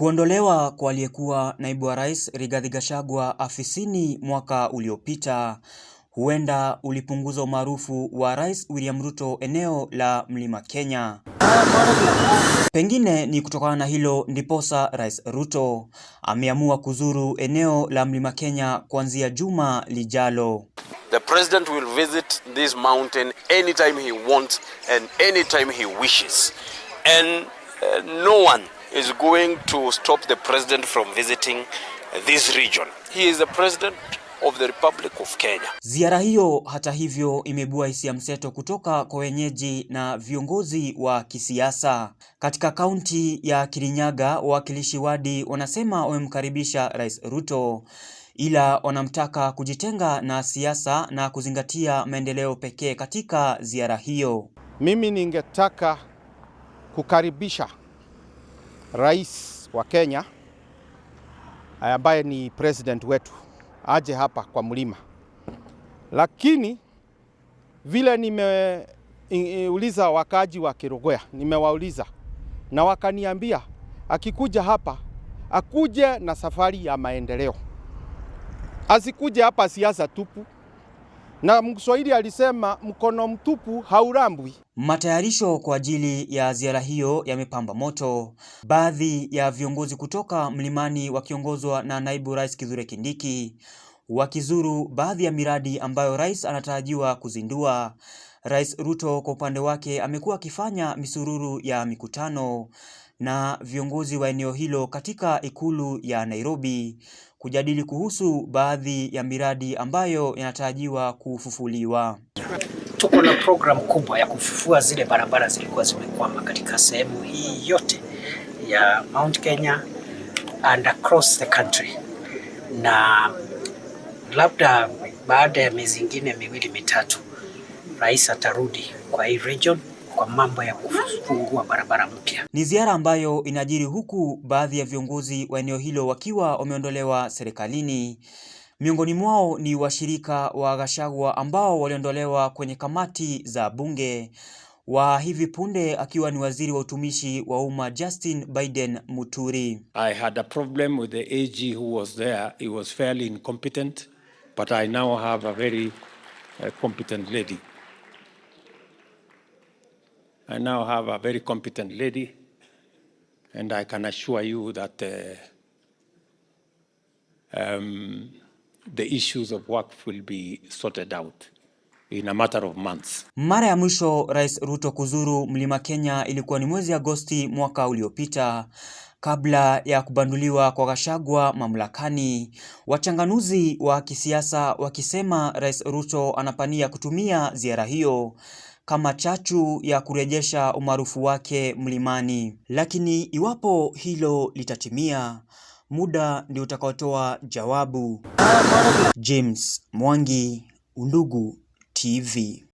Kuondolewa kwa aliyekuwa naibu wa rais Rigathi Gachagua afisini mwaka uliopita huenda ulipunguza umaarufu wa Rais William Ruto eneo la Mlima Kenya. Pengine ni kutokana na hilo ndiposa Rais Ruto ameamua kuzuru eneo la Mlima Kenya kuanzia juma lijalo. The president will visit this mountain anytime he wants and anytime he wishes. And, uh, no one is going to stop the president from visiting this region. He is the president of the Republic of Kenya. Ziara hiyo hata hivyo imebua hisia mseto kutoka kwa wenyeji na viongozi wa kisiasa. Katika kaunti ya Kirinyaga, wawakilishi wadi wanasema wamemkaribisha Rais Ruto ila wanamtaka kujitenga na siasa na kuzingatia maendeleo pekee katika ziara hiyo. Mimi ningetaka kukaribisha rais wa Kenya eh, ambaye ni president wetu aje hapa kwa mlima, lakini vile nimeuliza wakaji wa Kerugoya, nimewauliza na wakaniambia akikuja hapa akuje na safari ya maendeleo, asikuje hapa siasa tupu na Mswahili alisema mkono mtupu haurambwi. Matayarisho kwa ajili ya ziara hiyo yamepamba moto. Baadhi ya viongozi kutoka Mlimani wakiongozwa na Naibu Rais Kithure Kindiki wakizuru baadhi ya miradi ambayo rais anatarajiwa kuzindua. Rais Ruto kwa upande wake amekuwa akifanya misururu ya mikutano na viongozi wa eneo hilo katika ikulu ya Nairobi kujadili kuhusu baadhi ya miradi ambayo yanatarajiwa kufufuliwa. Tuko na programu kubwa ya kufufua zile barabara zilikuwa zimekwama katika sehemu hii yote ya Mount Kenya and across the country, na labda baada ya miezi ingine miwili mitatu, rais atarudi kwa hii region kwa mambo ya kufungua barabara mpya. Ni ziara ambayo inajiri huku baadhi ya viongozi wa eneo hilo wakiwa wameondolewa serikalini. Miongoni mwao ni washirika wa Gachagua ambao waliondolewa kwenye kamati za bunge. Wa hivi punde akiwa ni waziri wa utumishi wa umma Justin Biden Muturi. I had a problem with the AG who was there. He was fairly incompetent, but I now have a very uh, competent lady. I now have a very competent lady, and I can assure you that uh, um, the issues of work will be sorted out in a matter of months. Mara ya mwisho Rais Ruto kuzuru Mlima Kenya ilikuwa ni mwezi Agosti mwaka uliopita kabla ya kubanduliwa kwa Gachagua mamlakani, wachanganuzi wa kisiasa wakisema Rais Ruto anapania kutumia ziara hiyo kama chachu ya kurejesha umaarufu wake mlimani. Lakini iwapo hilo litatimia, muda ndio utakaotoa jawabu. James Mwangi, Undugu TV.